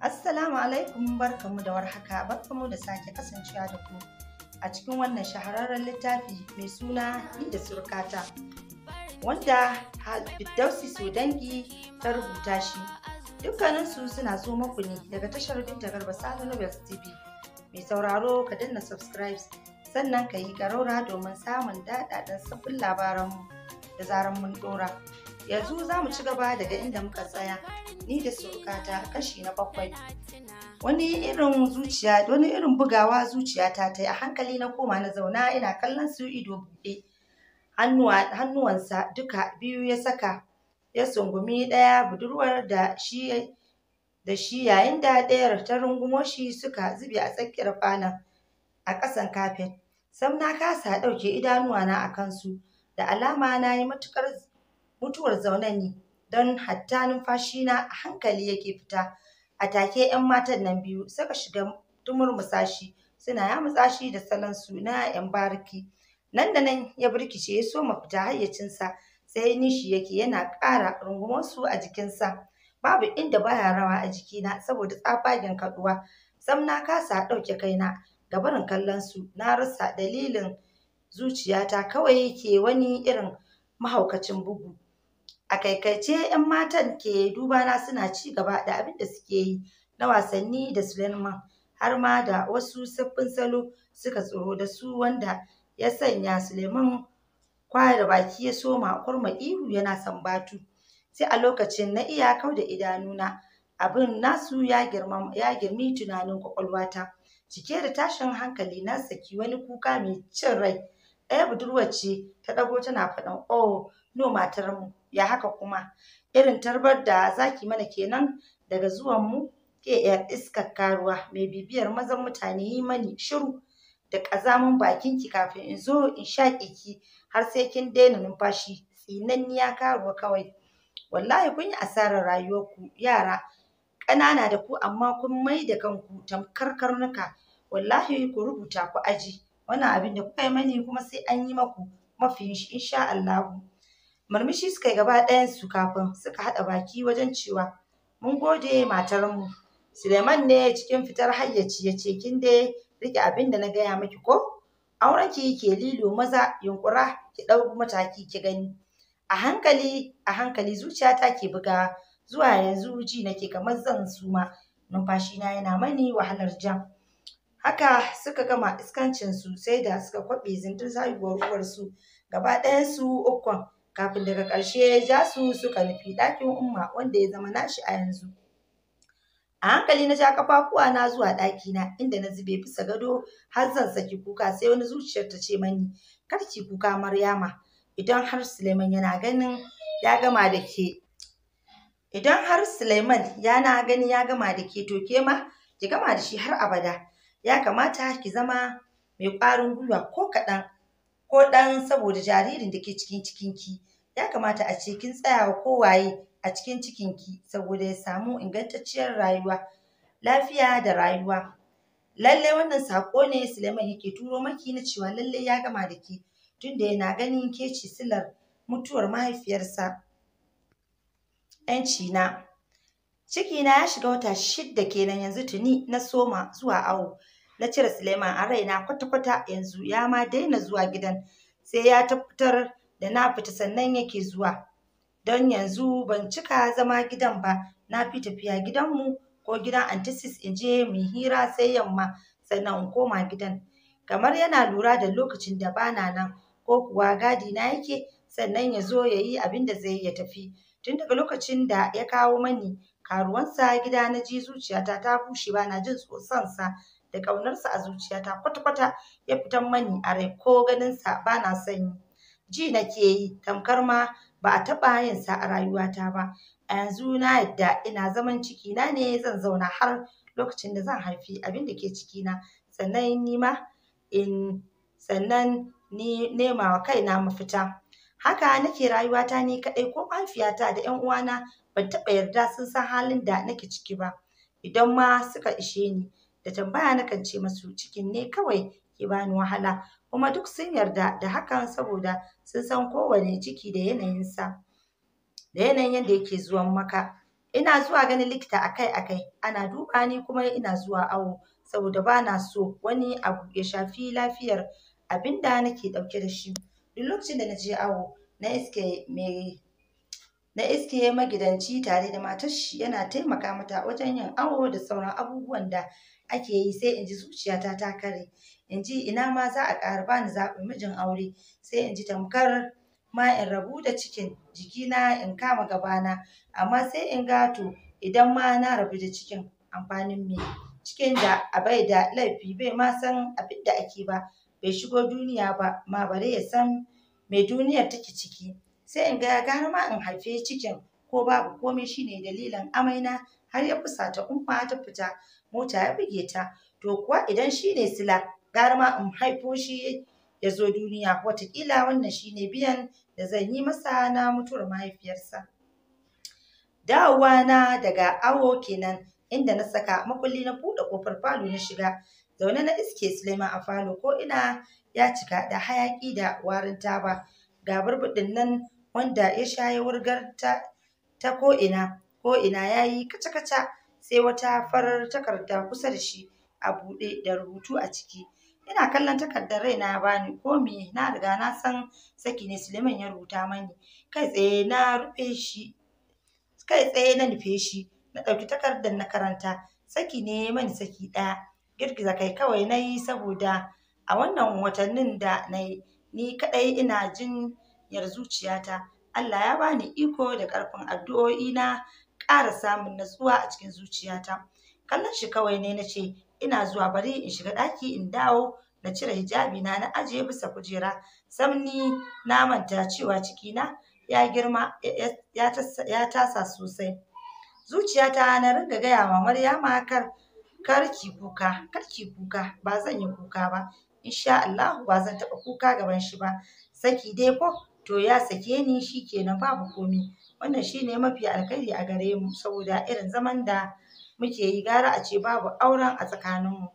Assalamu alaikum barkamu da warhaka barkamu da sake kasancewa da ku a cikin wannan shahararren littafi mai suna ni da surkata wanda su Sodangi ta rubuta shi dukkaninsu suna so muku ne daga tashar Binta Garba Sani Novels TV mai sauraro ka danna subscribe sannan ka yi garaura domin samun daɗaɗan sabbin labaranmu da zaran mun ɗora. yanzu za mu ci gaba daga inda muka tsaya ni da surukata kashi na bakwai wani irin zuciya wani irin bugawa zuciya ta ta a hankali na koma na zauna ina kallon su ido buɗe hannuwansa duka biyu ya saka ya sungumi ɗaya budurwar da shi da shi yayin da ɗayar ta rungumo shi suka zube a tsakiyar falon a ƙasan kafin sam na kasa ɗauke idanuwana a kansu da alama na yi matuƙar mutuwar zaune ne don hatta numfashina a hankali yake fita a take 'yan matan nan biyu suka shiga tumur musashi, suna ya musashi da salon su na 'yan bariki nan da nan ya birkice ya soma fita hayyacinsa sai nishi yake yana ƙara su a jikinsa babu inda baya rawa a jikina saboda tsafagen kaduwa sam na kasa ɗauke kaina ga barin kallon su na rasa dalilin zuciyata kawai yake wani irin mahaukacin bugu a kaikaice 'yan matan ke dubana suna ci gaba da abin da suke yi na wasanni da Suleiman har ma da wasu sabbin salo suka tsoro da su wanda ya sanya Suleiman kwaya da baki ya soma kurma ihu yana sambatu sai a lokacin na iya kau da idanuna abin nasu ya girmi tunanin kwakwalwata cike da tashin hankali na saki wani kuka mai cin rai ɗaya budurwa ce ta ɗago tana faɗan, oh no matar mu ya haka kuma irin tarbar da zaki mana kenan daga zuwan mu ke yar iskar karuwa mai bibiyar mazan mutane yi mani shiru da ƙazamin bakin ki kafin in zo in shaƙe ki har sai kin daina numfashi tsinanniya karuwa kawai wallahi kun yi asarar rayuwarku yara ƙanana da ku amma kun mai da kanku tamkar karnuka wallahi ku rubuta ku aji wannan abin da kuka yi mani kuma sai an yi maku mafi insha Allah. murmushi suka yi gaba ɗayansu kafin suka haɗa baki wajen cewa mun gode matarmu suleiman ne cikin fitar hayyaci ya ce kin dai rike abin da na gaya miki ko aurenki ke lilo maza yunkura ki ɗau mataki ki gani a hankali a hankali zuciyata ke buga zuwa yanzu ji nake kamar zan suma numfashina yana mani wahalar jam haka suka gama iskancinsu sai da suka kwaɓe zindin sayuwar uwarsu gaba ɗayansu ukun kafin daga ƙarshe ya ja su suka nufi ɗakin umma wanda ya zama nashi a yanzu a hankali na ja kafafuwa na zuwa ɗakina inda na zube bisa gado har zan saki kuka sai wani zuciyar ta ce mani kar ki kuka maryama idan har suleiman yana ganin ya gama da ke idan har suleiman yana gani ya gama da ke to ke ma ki gama da shi har abada ya kamata ki zama mai ƙwarin gwiwa ko kaɗan ko ɗan saboda jaririn da ke cikin cikinki ya kamata a ce kin tsaya wa kowaye a cikin cikinki saboda ya samu ingantacciyar rayuwa lafiya da rayuwa lallai wannan saƙo ne Suleiman yake turo maki na cewa lallai ya gama da ke tunda yana ganin ke ce silar mutuwar mahaifiyarsa ‘yanci na cikina ya shiga wata shidda kenan yanzu tuni na soma zuwa awo na cire Suleiman a raina kwata-kwata yanzu ya ma daina zuwa gidan sai ya tabbatar da na fita sannan yake zuwa don yanzu ban cika zama gidan ba na fi tafiya gidanmu ko gidan antisis in je mu hira sai yamma sannan in koma gidan kamar yana lura da lokacin da bana nan ko kuwa gadi na yake sannan ya zo ya yi abin da zai ya tafi tun daga lokacin da ya kawo mani karuwansa gida na ji zuciyata ta bushe bana jin tsotsan sa da ƙaunarsa a zuciyata kwata-kwata ya fitan mani a rai ko ganinsa bana sanyi sanyi. ji nake yi tamkar ma ba a taɓa yin sa a rayuwata ba a yanzu na yadda ina zaman ciki na ne zan zauna har lokacin da zan haifi abin da ke ciki na sannan ni ma in sannan ni nema wa kaina mafita haka nake rayuwata ni kaɗai ko mahaifiyata da 'yan uwana ban taɓa yarda sun san halin da nake ciki ba idan ma suka ishe ni da tambaya nakan ce masu cikin ne kawai ke bani wahala kuma duk sun yarda da hakan saboda sun san kowane ciki da yanayinsa da yanayin yadda yake zuwan maka ina zuwa ganin likita akai-akai ana duba ni kuma ina zuwa awo saboda ba na so wani abu ya shafi lafiyar Abinda da nake dauke da shi duk lokacin da na je awo na iske mai na iske magidanci tare da matar shi yana taimaka mata wajen yin awo da sauran abubuwan da ake yi sai in ji zuciyata ta kare in ji ina ma za a ƙara ba ni zaɓin mijin aure sai in ji tamkar ma in rabu da cikin jikina in kama gabana amma sai in gato idan ma na rabu da cikin amfanin me cikin da abai da laifi bai ma san abin da ake ba bai shigo duniya ba ma bare ya san me duniyar take ciki sai in ga gara ma in haife cikin ko babu komai shine dalilin amaina har ya fusata umma ta fita mota ya buge ta to kuwa idan shi ne sila gara ma in haifo shi ya zo duniya watakila wannan shi ne biyan da zan yi masa na mutuwar mahaifiyarsa dawowa na daga awo kenan inda na saka makulli na buɗe ƙofar falo na shiga zaune na iske Suleiman a falo ko ina ya cika da hayaƙi da warin taba ga burbuɗin nan wanda ya shaye wurgar ta, ta ko ina ko ina ya yi kaca-kaca sai wata farar takarda kusa da shi a buɗe da rubutu a ciki ina kallon takardar raina na bani ko me na riga na san saki ne Suleiman ya rubuta mani kai tsaye na rufe shi kai tsaye na nufe shi na ɗauki takardar na karanta saki ne mani saki ɗaya girgiza kai kawai na yi saboda a wannan watannin da na yi ni kaɗai ina jin yar zuciyata Allah ya bani iko da ƙarfin addu'o'ina ƙara samun natsuwa a cikin zuciyata kallon shi kawai ne na ce ina zuwa bari in shiga ɗaki in dawo na cire hijabi na na ajiye bisa kujera sam ni na manta cewa cikina ya girma ya tasa sosai zuciyata na ringa gaya wa maryama kar karki kuka karki kuka ba zan yi kuka ba insha Allah ba zan taɓa kuka gaban shi ba saki dai ko to ya sake ni shikenan babu komi wannan shi ne mafi alkhairi a gare mu saboda irin zaman da muke yi gara a ce babu auren a tsakaninmu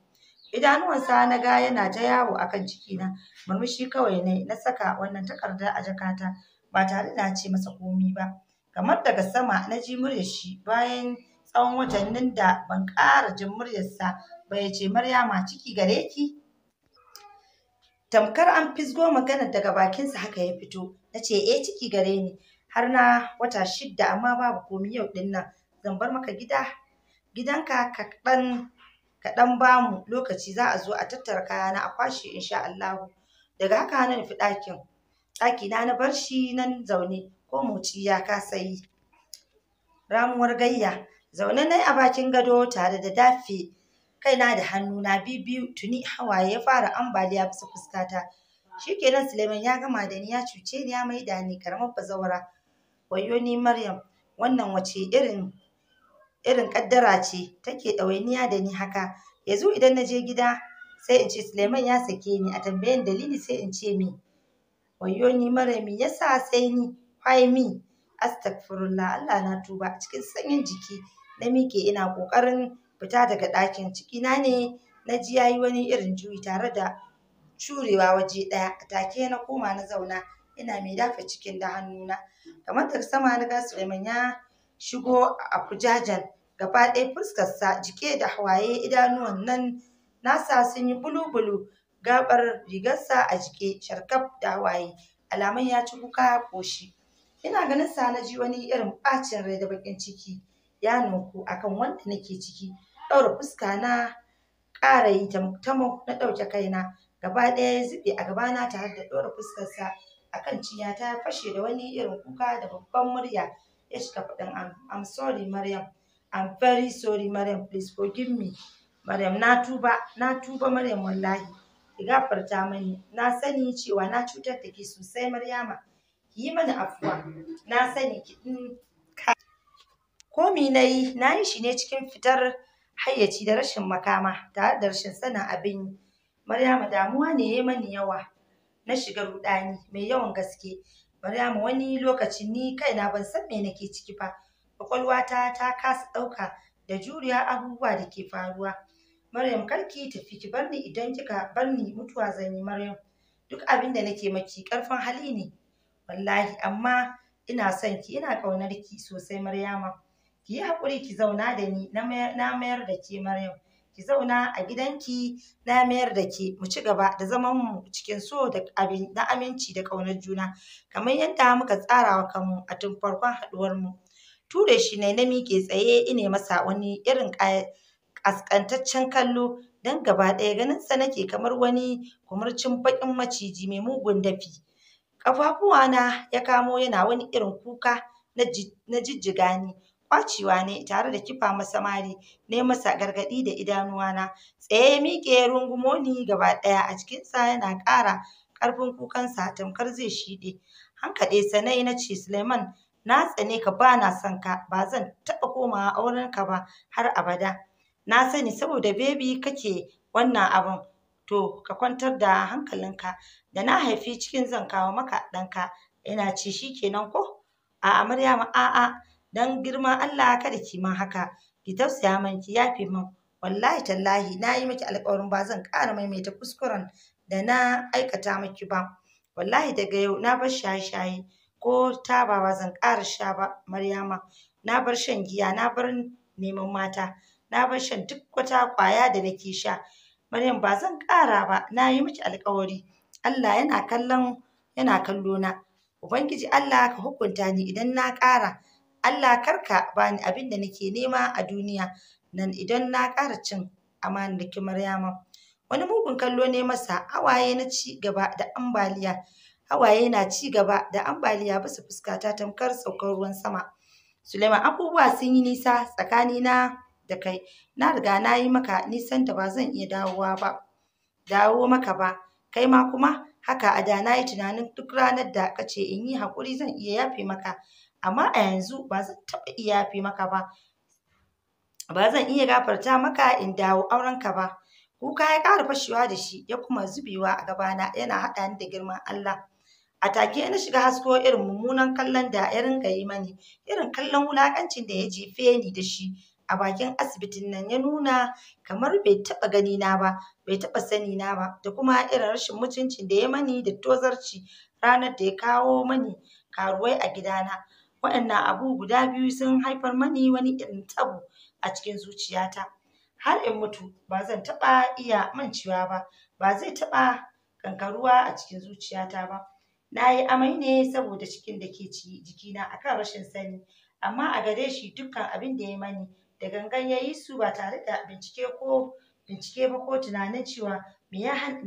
idanuwansa na ga yana ta yawo a kan cikina murmushi kawai ne na saka wannan takarda a jakata ba tare da ce masa komi ba kamar daga sama na ji muryar shi bayan tsawon watannin da ban ƙara jin muryarsa ba ya ce maryama ciki gare ki tamkar an fisgo maganar daga bakinsa haka ya fito na ce eh ciki gare ni har na wata shidda amma babu komi yau ɗin nan zan bar maka gida gidanka ka kaɗan bamu lokaci za a zo a tattara kayana a kwashe insha Allahu daga haka na nufi ɗakin ɗakina na bar shi nan zaune ko motsi ya kasa yi ramuwar gayya zaune na a bakin gado tare da dafe kaina da hannu hannuna bibiyu tuni hawaye ya fara ambaliya bisa fuskata shikenan Suleiman ya gama da ni ya cuce ni ya maida ni karamar bazawara wayoni Maryam wannan wace irin irin kaddara ce take ɗawainiya da ni haka yanzu idan na je gida sai in ce Suleiman ya sake ni a tambayan dalili sai in ce me Wayoni Maryam ya sa sai ni why me astagfirullah Allah na tuba cikin sanyin jiki na miƙe ina ƙoƙarin fita daga ɗakin cikina ne na ji yayi wani irin juyi tare da curewa waje ɗaya a take na koma na zauna ina mai dafa cikin da hannuna kamar sama na ga Suleiman ya shigo a kujajen? gaba ɗaya fuskarsa jike da hawaye idanuwan nan nasa sun yi bulu-bulu gabar rigarsa a jike sharkaf da hawaye alaman ya ci kuka ya ƙoshi ina ganin sa na ji wani irin ɓacin rai da bakin ciki ya noku akan wanda nake ciki ɗaura fuska na ƙara yi tamau na ɗauke kaina gaba ɗaya ya zube a gabana tare da ɗora fuskarsa akan ciya ta fashe da wani irin kuka da babban murya ya shiga faɗin I'm sorry Maryam I'm very sorry Maryam please forgive me Maryam na tuba na tuba Maryam wallahi ki gafarta mani na sani cewa na cutar da ke sosai Maryama ki yi mani afuwa na sani ki komi nayi yi na yi shi ne cikin fitar hayyaci da rashin makama tare da rashin sanin abin yi Maryama damuwa ne ya mani yawa na shiga rudani mai yawan gaske Maryamu wani lokaci ni kai na ban san me nake ciki ba kwakwalwata ta kasa ɗauka da juriya abubuwa da ke faruwa Maryam karki tafi ki barni idan kika barni mutuwa zan yi Maryam duk abin da nake maki karfin hali ne wallahi amma ina son ki ina ƙaunar ki sosai Maryama ki yi haƙuri ki zauna da ni na mayar da ke Maryam ki zauna a gidanki na mayar da ke mu ci gaba da zaman mu cikin so da abin na aminci da ƙaunar juna kamar yadda muka tsara wa kanmu a tun farkon haɗuwar mu ture shi ne na mike tsaye ine masa wani irin ƙasƙantaccen kallo don gaba ɗaya ganin sa nake kamar wani kumurcin baƙin maciji mai mugun dafi ƙafafuwana ya kamo yana wani irin kuka na jijjiga ni kwacewa ne tare da kifa masamari ne masa gargaɗi da idanuwa idanuwana tsaye miƙe rungumo ni gaba ɗaya a cikinsa yana ƙara ƙarfin kukansa tamkar zai shiɗe hankaɗe sanai na ce suleiman na tsane ka bana na son ka ba zan taɓa komawa auren ka ba har abada na sani saboda bebi kake wannan abun to ka kwantar da hankalinka da na haifi cikin zan kawo maka ɗanka yana ce kenan ko a'a Maryama a'a dan girman Allah kada ki ma haka ki tausaya man ki yafe man wallahi tallahi nayi yi miki alƙawarin ba zan ƙara maimaita kuskuren da na aikata miki ba wallahi daga yau na bar shaye-shaye ko ta ba zan ƙara sha ba Maryama na bar shan giya na bar neman mata na bar shan duk wata ƙwaya da nake sha Maryam ba zan ƙara ba na yi miki alƙawari Allah yana kallon yana kallo na Ubangiji Allah ka hukunta ni idan na ƙara Allah karka bani abin da nake nema a duniya nan idan na ƙara cin da ki Maryama. Wani mugun kallo ne masa hawaye na ci gaba da ambaliya. Hawaye na ci gaba da ambaliya bisa ta tamkar saukar ruwan sama. Suleiman abubuwa sun yi nisa tsakanina da kai. Na riga na yi maka nisan da ba zan iya dawowa ba. Dawo maka ba. Kai ma kuma haka a da na yi tunanin duk ranar da ka ce in yi haƙuri zan iya yafe maka. amma a yanzu ba zan taɓa iya fi maka ba ba zan iya gafarta maka in dawo aurenka ba kuka ya ƙara fashewa da shi ya kuma zubewa a gabana yana haɗa ni da girman Allah a take na shiga hasko irin mummunan kallon da ya ringa yi mani irin kallon wulakancin da ya jefe ni da shi a bakin asibitin nan ya nuna kamar bai taɓa gani na ba bai taɓa sani na ba da kuma irin rashin mutuncin da ya mani da tozarci ranar da ya kawo mani karuwai a gidana waɗannan abu guda biyu sun haifar mani wani irin tabo a cikin zuciyata har in mutu ba zan taɓa iya mancewa ba ba zai taɓa ƙanƙaruwa a cikin zuciyata ba na yi amai ne saboda cikin da ke jikina a kan rashin sani amma a gare shi dukkan abin da ya mani da gangan ya yi su ba tare da bincike ko bincike ba ko tunanin cewa me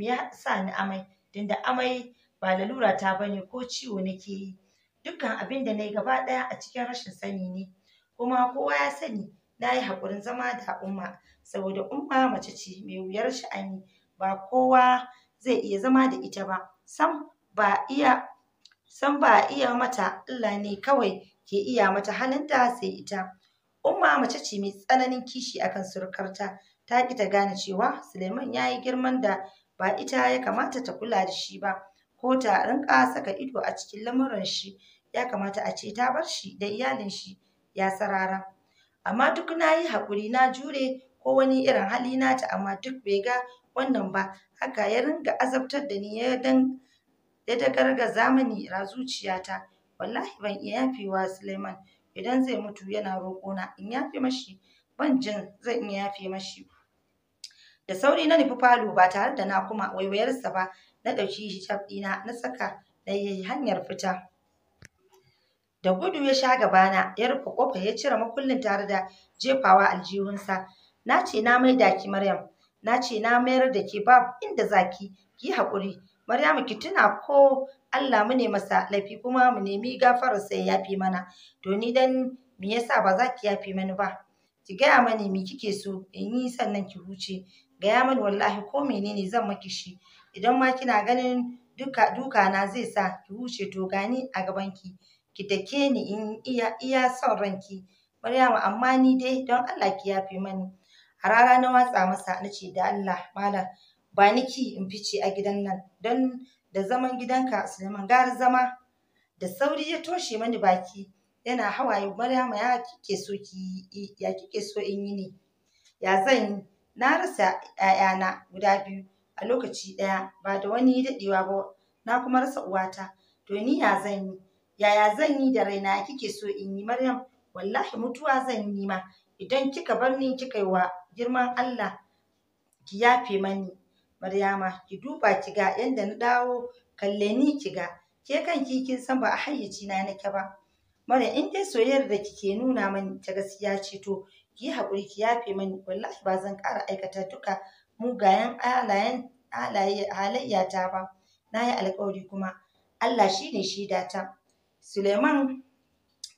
ya sa ni amai tunda amai ba lalura ta bane ko ciwo nake yi dukkan abin da na yi gaba ɗaya a cikin rashin sani ne kuma kowa ya sani na yi haƙurin zama da umma saboda umma mace ce mai wuyar sha'ani ba kowa zai iya zama da ita ba sam ba iya san ba iya mata Allah ne kawai ke iya mata halinta sai ita umma mace ce mai tsananin kishi akan surukarta ta ƙi ta gane cewa Suleiman ya yi girman da ba ita ya kamata ta kula da shi ba ko ta rinƙa saka ido a cikin lamuran shi ya kamata a ce ta bar shi da iyalin shi ya sarara amma duk na yi haƙuri na jure ko wani irin hali ta, amma duk bai ga wannan ba haka ya ringa azabtar da ni ya dan ya zamani ra zuciyata wallahi ban iya yafewa Suleiman idan zai mutu yana roƙo na. in yafe mashi ban jin zan iya yafe mashi da sauri na nufi falo ba tare da na kuma waiwayarsa ba na ɗauki hijab ɗina na saka na yi hanyar fita da gudu ya sha gabana ya rufe kofa ya cire makullin tare da jefawa aljihunsa na ce na maida ki maryam na ce na mayar da ke babu inda zaki ki hakuri. maryamu ki tuna ko allah mu ne masa laifi kuma mu nemi gafarar sai ya fi mana to ni dan me yasa ba za ki yafe mani ba ki gaya mani me kike so in yi sannan ki huce gaya mani wallahi ko menene zan maki shi idan ma kina ganin duka duka na zai sa ki huce to gani a gaban ki ki dake ni in iya iya son ranki maryama amma ni dai don Allah ki yafe mani Harara na watsa masa na ce da Allah malam ba niki ki in fice a gidan nan don da zaman gidanka Suleiman gara zama da sauri ya toshe mani baki yana hawaye Maryama ya kike so ki ya kike so in yi ne ya zan na rasa 'ya'yana guda biyu a lokaci ɗaya ba da wani daɗewa ba na kuma rasa uwata to ni ya zan yi yaya zan yi da raina kike so in yi Maryam wallahi mutuwa zan yi ma idan kika bar ni kika yi wa girman Allah ki yafe mani Maryama ki duba ki ga yanda na dawo kalle ni ki ga ke kanki kin san ba a hayyaci na nake ba mara in dai soyayyar da kike nuna mani ta gaskiya ce to ki yi haƙuri ki yafe mani wallahi ba zan ƙara aikata duka mugayen halayen halayyata ba na yi alƙawari kuma Allah shi ne ta Suleiman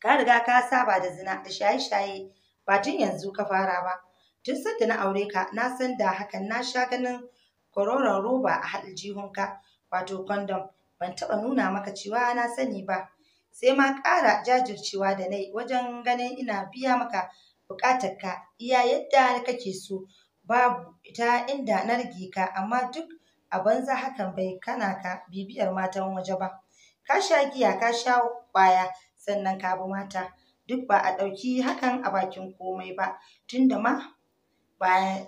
ka riga ka saba da zina da shaye-shaye ba tun yanzu ka fara ba. Tun sanda na aure ka na san da hakan na sha ganin kororon roba a haɗa jihunka wato condom ban taɓa nuna maka cewa na sani ba. Sai ma ƙara jajircewa da nai wajen ganin ina biya maka ka iya yadda kake so babu ita inda na rage ka amma duk a banza hakan bai kana ka bibiyar matan waje ba. ka sha giya ka sha baya sannan ka bi mata duk ba a ɗauki hakan a bakin komai ba tunda ma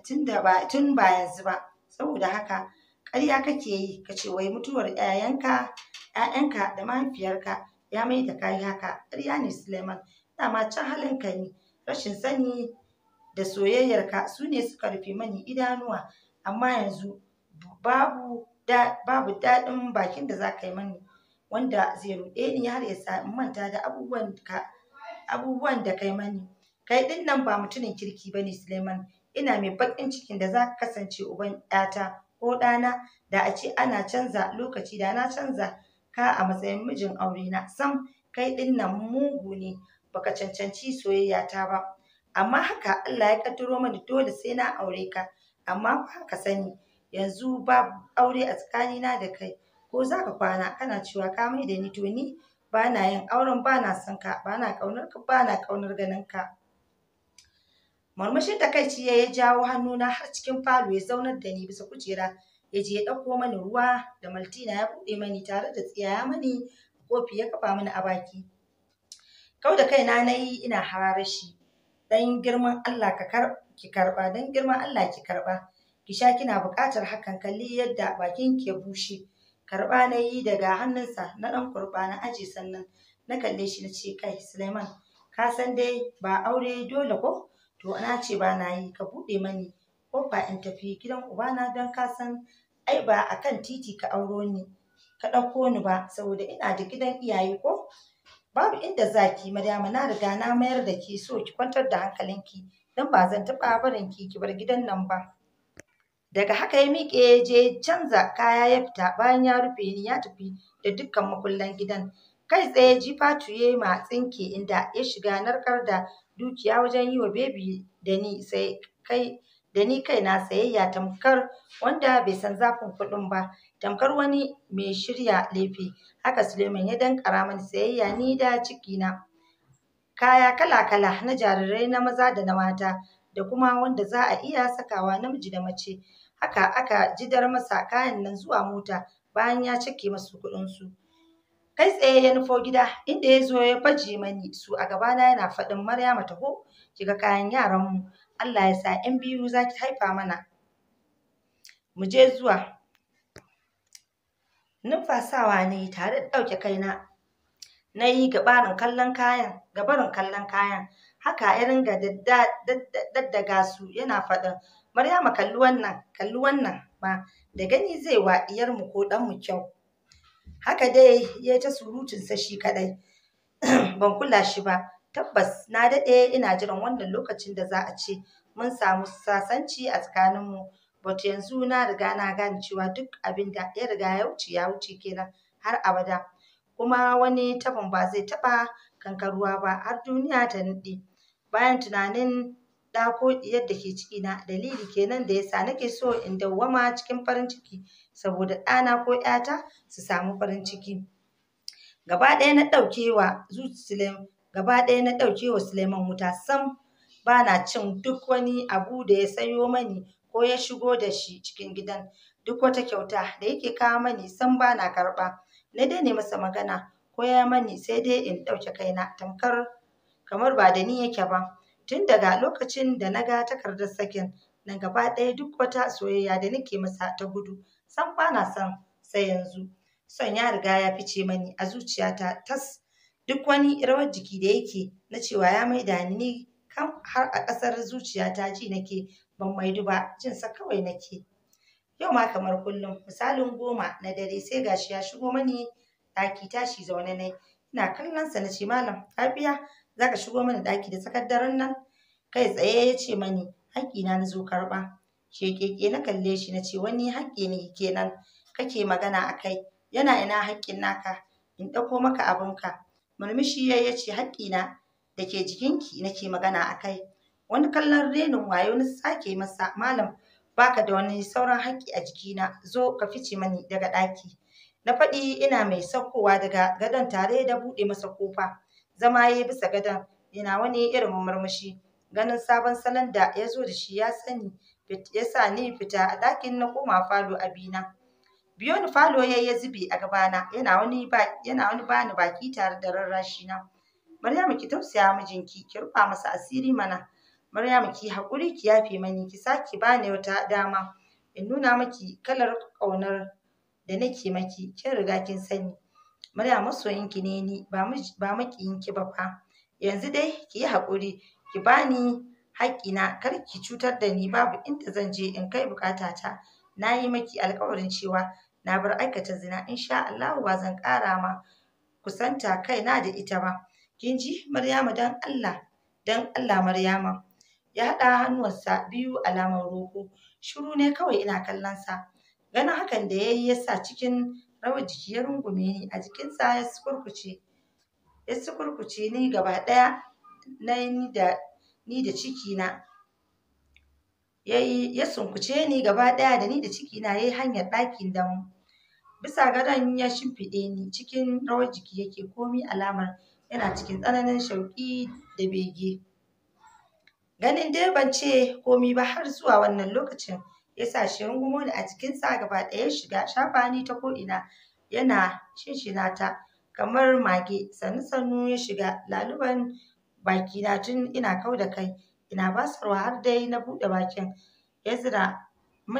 tun ba yanzu ba saboda haka ƙarya kake yi ka ce wai mutuwar ƴaƴanka ƴaƴanka da mahaifiyarka ya mai da kayi haka ƙarya ne Suleiman dama can halinka ne rashin sani da soyayyarka su ne suka rufe mani idanuwa amma yanzu babu babu daɗin bakin da za ka yi mani wanda zai ruɗe ni har ya sa manta da abubuwan ka abubuwan da kai mani kai din nan ba mutumin kirki bane Suleiman ina mai bakin cikin da za ka kasance uban ƴata ko ɗana da a ce ana canza lokaci da na canza ka a matsayin mijin aure na sam kai din nan mugu ne baka cancanci soyayya ta ba amma haka Allah ya kaddaro mani dole sai na aure ka amma ba ka sani yanzu babu aure a tsakanina da kai ko za ka kwana kana cewa ka mai da ni to ni ba na yin auren ba na son ka ba na ƙaunar ka ba na kaunar ganin ka murmushin takaici ya jawo hannuna har cikin falo ya zaunar da ni bisa kujera ya je ya ɗauko mani ruwa da maltina ya buɗe mani tare da tsiyaya mani kofi ya kafa mani a baki kau da kaina na yi ina hararar shi dan girman Allah ka ki karɓa dan girman Allah ki karɓa ki sha kina buƙatar hakan kalli yadda bakin ke bushe karɓa na yi daga hannunsa na ɗan kurɓa na aji sannan na kalle shi na ce kai Suleiman ka san dai ba aure dole ko to na ce ba na yi ka buɗe mani ko ba in tafi gidan ubana don ka san ai ba a kan titi ka auro ni ka ɗauko ni ba saboda ina da gidan iyaye ko babu inda zaki madama na riga na mayar da ke so ki kwantar da hankalinki don ba zan taɓa barin ki ki bar gidan nan ba daga haka ya miƙe ya je canza kaya ya fita bayan ya rufe ni ya tafi da dukkan makullan gidan kai tsaye jifatu ya ma tsinke inda ya shiga narkar da dukiya wajen yi wa bebi da ni kai na ni sayayya tamkar wanda bai san zafin kuɗin ba tamkar wani mai shirya laifi haka Suleiman ya danƙara mani sayayya ni da cikina kaya kala-kala na jarirai na maza da na mata da kuma wanda za a iya sakawa namiji da mace. Haka aka jidar masa kayan nan zuwa mota bayan ya cike masu su Kai tsaye ya nufo gida inda ya zo ya baje mani su a gabana yana faɗin Maryama taho ki ga kayan mu Allah ya sa ‘yan biyu za ki haifa mana. Mu je zuwa. Numfasawa ne tare da ɗauke kaina na yi ga barin kallon kayan ga barin kallon kayan haka ya ringa daddaga su yana faɗin maryama kalli wannan kalli wannan ma da gani zai wa mu ko ɗanmu kyau haka dai ya ta surutunsa shi kaɗai ban kula shi ba tabbas na daɗe ina jiran wannan lokacin da za a ce mun samu sasanci a tsakaninmu but yanzu na riga na gane cewa duk abin da ya riga ya wuce ya wuce kenan har abada kuma wani tabon ba zai taɓa kankaruwa ba har duniya ta naɗe bayan tunanin ɗa ko ɗiyar da ke cikina dalili kenan da yasa nake so in dawwama cikin farin ciki saboda ɗana ko ƴata su samu farin ciki gaba ɗaya na ɗaukewa gaba ɗaya na wa Suleiman wuta sam ba na cin duk wani abu da ya sayo mani ko ya shigo da shi cikin gidan duk wata kyauta da yake kawo mani sam ba na karɓa na daina masa magana ko ya mani sai dai in ɗauke kaina tamkar kamar ba da ni yake ba tun daga lokacin da na ga takardar sakin nan gaba ɗaya duk wata soyayya da nake masa ta gudu san ba na son sai yanzu son ya riga ya fice mani a zuciyata tas duk wani rawar jiki da yake na cewa ya maida ni kam har a ƙasar zuciyata ji nake ban maidu ba jin sa kawai nake Yau ma kamar kullum misalin goma na dare sai gashi ya shigo mani ɗaki tashi zaune nai. Ina kallonsa sa nace malam lafiya zaka shigo mana ɗaki da tsakar daren nan. Kai tsaye ya ce mani haƙƙina na zo karɓa. Shekeke na kalle shi nace wani haƙƙi ne kenan kake magana a kai yana ina haƙƙin naka in ɗauko maka ka. Murmushi ya yace haƙƙina da ke jikinki nake magana a kai. Wani kallon renin wayo na sake masa malam baka da wani sauran haƙƙi a jikina zo ka fice mani daga ɗaki na faɗi ina mai saukowa daga gadon tare da buɗe masa ƙofa. zama ya yi bisa gadon yana wani irin murmushi ganin sabon salon da ya zo da shi ya sani ya sa ni fita a ɗakin na koma falo a bina biyo ni falo ya ya zube a gabana yana wani yana wani bani baki tare da rarrashi na Maryamu ki tausaya mijinki ki rufa masa asiri mana Maryamu ki haƙuri ki yafe mani ki saki bani wata dama in nuna maki kalar ƙaunar da nake maki kin riga kin sani Maryam masoyinki ne ni ba ki ba fa yanzu dai ki yi haƙuri ki bani haƙƙina kar ki cutar da ni babu inda zan je in kai buƙatata na yi maki alƙawarin cewa na bar aikata zina insha Allahu ba zan ƙara ma kusanta kaina da ita ba kin ji Maryamu dan Allah dan Allah Maryama ya haɗa hannuwansa biyu alamar roƙo shiru ne kawai ina kallonsa ganin hakan da ya yi ya sa cikin rawar jiki ya rungume ni a jikinsa ya sukurkuce ya sukurkuce ni gaba ɗaya na ni da ni da cikina ya sunkuce ni gaba ɗaya da ni da cikina ya yi hanyar ɗakin da bisa gadon ya shimfiɗe ni cikin rawar jiki yake komi alamar yana cikin tsananin shauƙi da bege Ganin dai ban ce komi ba har zuwa wannan lokacin ya sa shi rungumo da a jikinsa gaba ɗaya shiga shafa ni ta ko'ina yana shinshina ta kamar mage sannu-sannu ya shiga laluban bakina tun ina kau da kai ina basarwa har dai na buɗe bakin ya zira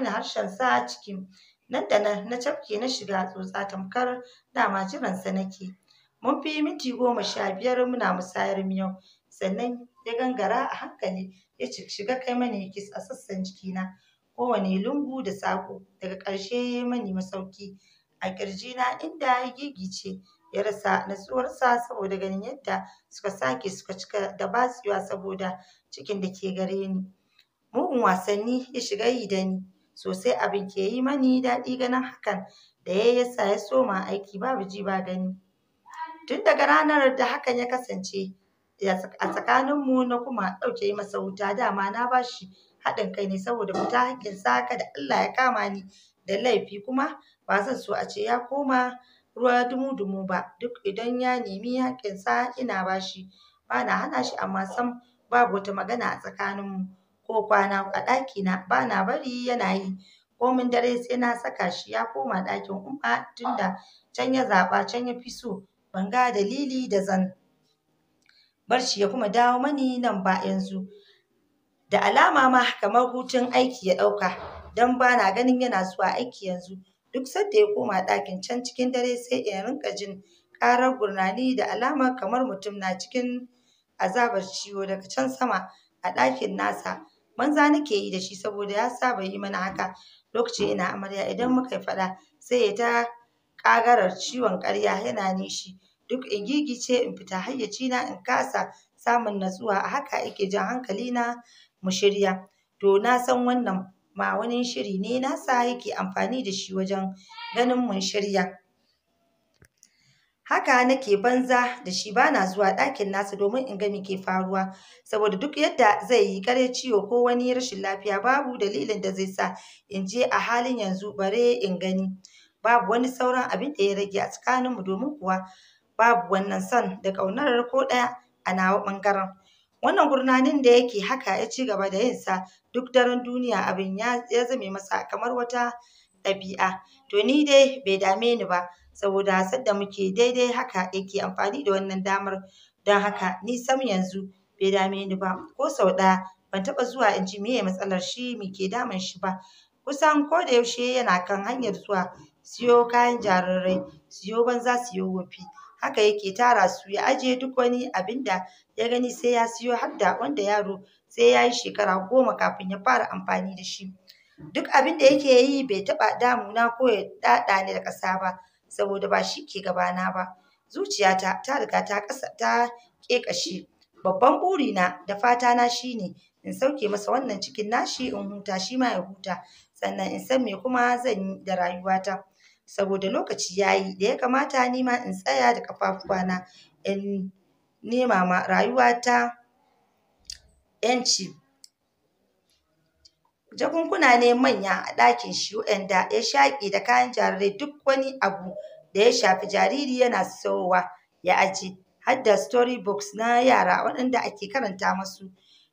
harshen sa cikin. nan da nan na cafke na shiga tsotsa tamkar dama jiransa nake mun fi minti goma sha biyar muna musayar miyau sannan ya gangara a hankali ya shiga kai mani kis a sassan jikina kowane lungu da saƙo daga ƙarshe ya yi mani masauki a na inda ya gigice ya rasa natsuwarsa saboda ganin yadda suka sake suka cika da basuwa saboda cikin da ke gare ni mugun wasanni ya shiga yi da ni sosai abin ke yi mani daɗi ganin hakan da ya yasa ya soma aiki babu ji ba gani tun daga ranar da hakan ya kasance a tsakanin mu na kuma ɗauke masa wuta dama na bashi haɗin kai ne saboda fita haƙƙinsa haka da Allah ya kama ni da laifi kuma ba zan so a ce ya koma ruwa dumu-dumu ba duk idan ya nemi haƙƙinsa ina bashi ba na hana shi amma sam babu wata magana a tsakanin mu ko kwana a ɗakina ba na bari yana yi komin dare sai na saka shi ya koma ɗakin umma tunda can ya zaɓa can ya fi so ban ga dalili da zan Barci ya kuma dawo mani nan ba yanzu da alama ma kamar hutun aiki ya ɗauka don ba na ganin yana zuwa aiki yanzu duk sadda ya koma ɗakin can cikin dare sai in rinka jin ƙarar gurnani da alama kamar mutum na cikin azabar ciwo daga can sama a ɗakin nasa banza nake yi da shi saboda ya saba yi mana haka lokacin ina amarya idan muka yi faɗa sai ya ta ƙagarar ciwon ƙarya yana nishi duk in girgice in fita hayyacina in kasa samun natsuwa a haka yake jan hankali na mu shirya to na san wannan ma wani shiri ne na nasa yake amfani da shi wajen ganin mun shirya haka nake banza da shi bana zuwa ɗakin nasa domin in ga me ke faruwa saboda duk yadda zai yi kare ciwo ko wani rashin lafiya babu dalilin da zai sa in je a halin yanzu bare in gani babu wani sauran abin da ya rage a tsakaninmu domin kuwa babu wannan son da ƙaunar ko ɗaya a nawa ɓangaren wannan gurnanin da yake haka ya ci gaba da yinsa duk daren duniya abin ya zame masa kamar wata ɗabi'a to ni dai bai dame ni ba saboda hasar da muke daidai haka yake amfani da wannan damar don haka ni sam yanzu bai dame ni ba ko sau ɗaya ban taɓa zuwa in ji meye matsalar shi me ke damun shi ba kusan ko da yaushe yana kan hanyar zuwa siyo kayan jarirai siyo banza siyo wofi haka yake tara su ya ajiye duk wani abin da ya gani sai ya siyo har da wanda yaro sai ya yi shekara goma kafin ya fara amfani da shi duk abin da yake yi bai taɓa damuna ko ya daɗa ni da ƙasa ba saboda ba shi ke gabana ba zuciyata ta riga ta ƙasa ta ƙeƙashe babban burina da fata na shine in sauke masa wannan cikin nashi in huta shi ma ya huta sannan in san me kuma zan yi da rayuwata saboda lokaci ya yi da ya kamata ni ma in tsaya da ƙafafuwana in nema ma ta ‘yanci. Jakunkuna ne manya a ɗakin shi waɗanda ya shaƙe da kayan jarirai duk wani abu da ya shafi jariri yana siyowa ya aje har da story books na yara waɗanda ake karanta masu.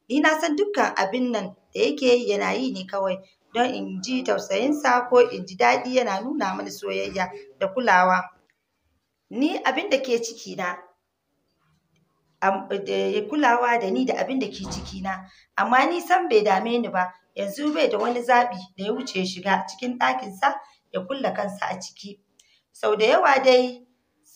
Ni na san dukkan abin nan da yake yi yana yi ne kawai don in ji tausayinsa ko in ji daɗi yana nuna mani soyayya da kulawa. Ni abin da ke cikina kulawa da ni da abin da ke cikina amma ni san bai dame ni ba yanzu bai da wani zaɓi da ya wuce shiga cikin ɗakinsa ya kulla kansa a ciki. Sau da yawa dai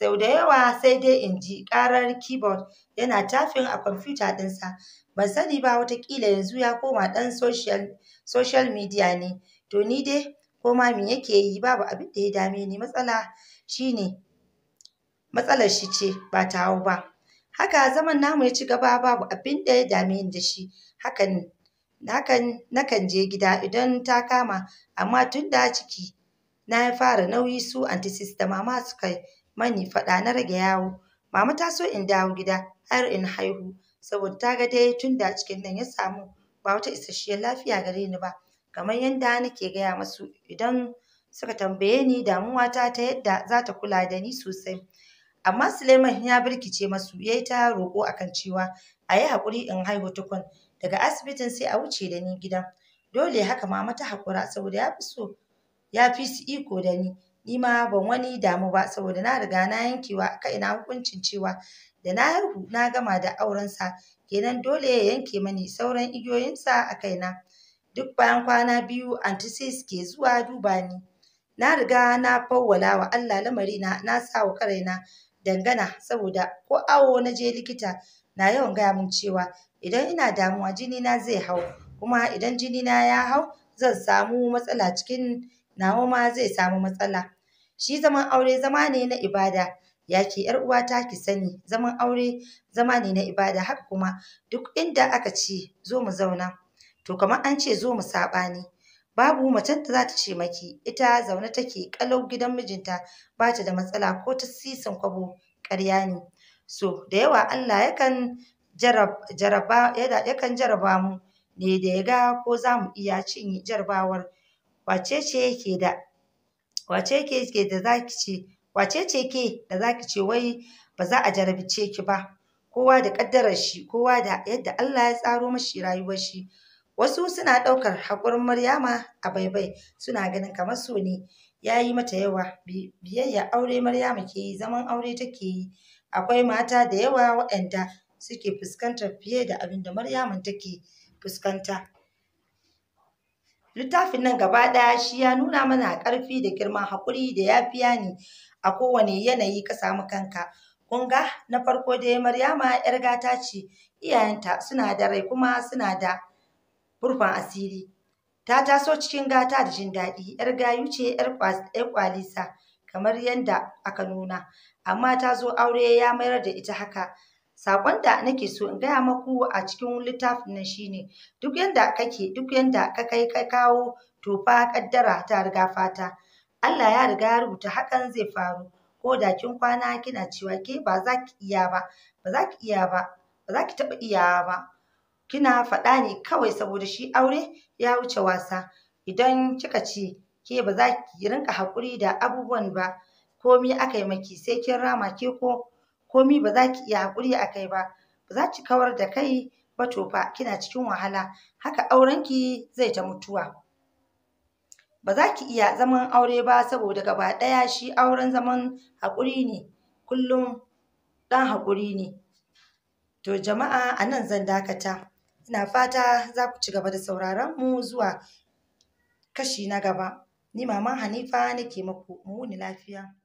Sau da yawa sai dai in ji ƙarar keyboard yana tafin a kwamfuta ɗinsa. Ban sani ba watakila yanzu ya koma ɗan social, social media ne. To ni dai ko ma me yake yi babu abin da ya dame ni matsala shi ne matsalar shi ce ba hau ba. Haka zaman namu ya ci gaba babu abin da ya dame ni da shi. Hakan na nakan je gida idan ta kama amma tun da ciki na ya fara nauyi su anti da mama suka mani faɗa na rage yawo mama ta so in dawo gida har in haihu saboda ta ga dai tun da cikin nan ya samu ba wata isasshiyar lafiya gare ni ba kamar yadda nake gaya masu idan suka tambaye ni damuwa ta ta yadda za ta kula da ni sosai amma Suleiman ya birkice masu ya yi ta roƙo kan cewa a yi haƙuri in haihu tukun daga asibitin sai a wuce da ni gidan dole haka mama ta haƙura saboda ya fi so ya fi su iko da ni ni ma ban wani damu ba saboda na riga na yankewa kaina hukuncin cewa da na haihu na gama da aurensa kenan dole ya yanke mani sauran igiyoyinsa a kaina duk bayan kwana biyu antisis ke zuwa duba ni na riga na fawwala wa Allah lamari na na sa wa na dangana saboda ko awo na je likita na yawan gaya min cewa idan ina damuwa jini na zai hau kuma idan jini na ya hau zan samu matsala cikin nawa ma zai samu matsala. Shi zaman aure zama ne na ibada. Ya ke ‘yar uwata ki sani zaman aure zama ne na ibada haka kuma duk inda aka ce zo mu zauna to kamar an ce zo mu saɓa ne. Babu macen da za ta ce maki ita zaune take ƙalau gidan mijinta ba ta da matsala ko ta sisin kwabo ƙarya ne. So da yawa Allah yakan jaraba yakan jaraba mu ne da ya ga ko za mu iya cin jarabawar wace ce yake da ke da zaki ce ce ke da zaki ce wai ba za a jarabce ki ba kowa da kaddarar shi kowa da yadda Allah ya tsaro mashi rayuwar shi wasu suna ɗaukar haƙurin Maryama a baibai suna ganin kamar so ne ya yi mata yawa biyayya aure Maryama ke yi zaman aure take yi akwai mata da yawa waɗanda suke fuskantar fiye da abin da Maryaman take fuskanta littafin nan gaba ɗaya shi ya nuna mana ƙarfi da girman haƙuri da yafiya ne a kowane yanayi ka samu kanka kun ga na farko dai maryama yar gata ce iyayenta suna da rai kuma suna da burfan asiri ta taso cikin gata da jin daɗi yar gayu ce yar ƙwalisa kamar yadda aka nuna amma ta zo aure ya mayar da ita haka Saƙon da nake so in gaya maku a cikin littafin nan shine duk yanda kake duk yanda ka kai ka kawo to fa ƙaddara ta riga fata. Allah ya riga ya rubuta hakan zai faru ko da kin kwana kina cewa ke ba za ki iya ba ba za ki iya ba ba za ki taɓa iyawa ba. Kina faɗa ne kawai saboda shi aure ya wuce wasa idan kika ce ke ba za ki rinka haƙuri da abubuwan ba komi aka yi maki sai kin rama ke ko komi ba za ki iya haƙuri a kai ba ba za ki kawar da kai ba to fa kina cikin wahala haka aurenki zai ta mutuwa ba za ki iya zaman aure ba saboda gaba ɗaya shi auren zaman haƙuri ne kullum ɗan haƙuri ne to jama'a a nan zan dakata ina fata za ku ci gaba da sauraron mu zuwa kashi na gaba ni maman hanifa nake muku mu lafiya